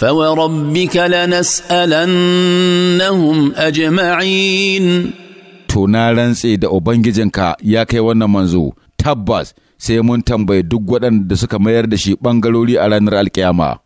فوربك لنسألنهم أجمعين to na rantse da Ubangijinka ya kai wannan manzo, tabbas sai mun tambayi duk waɗanda suka mayar da shi ɓangarori a ranar alkiyama.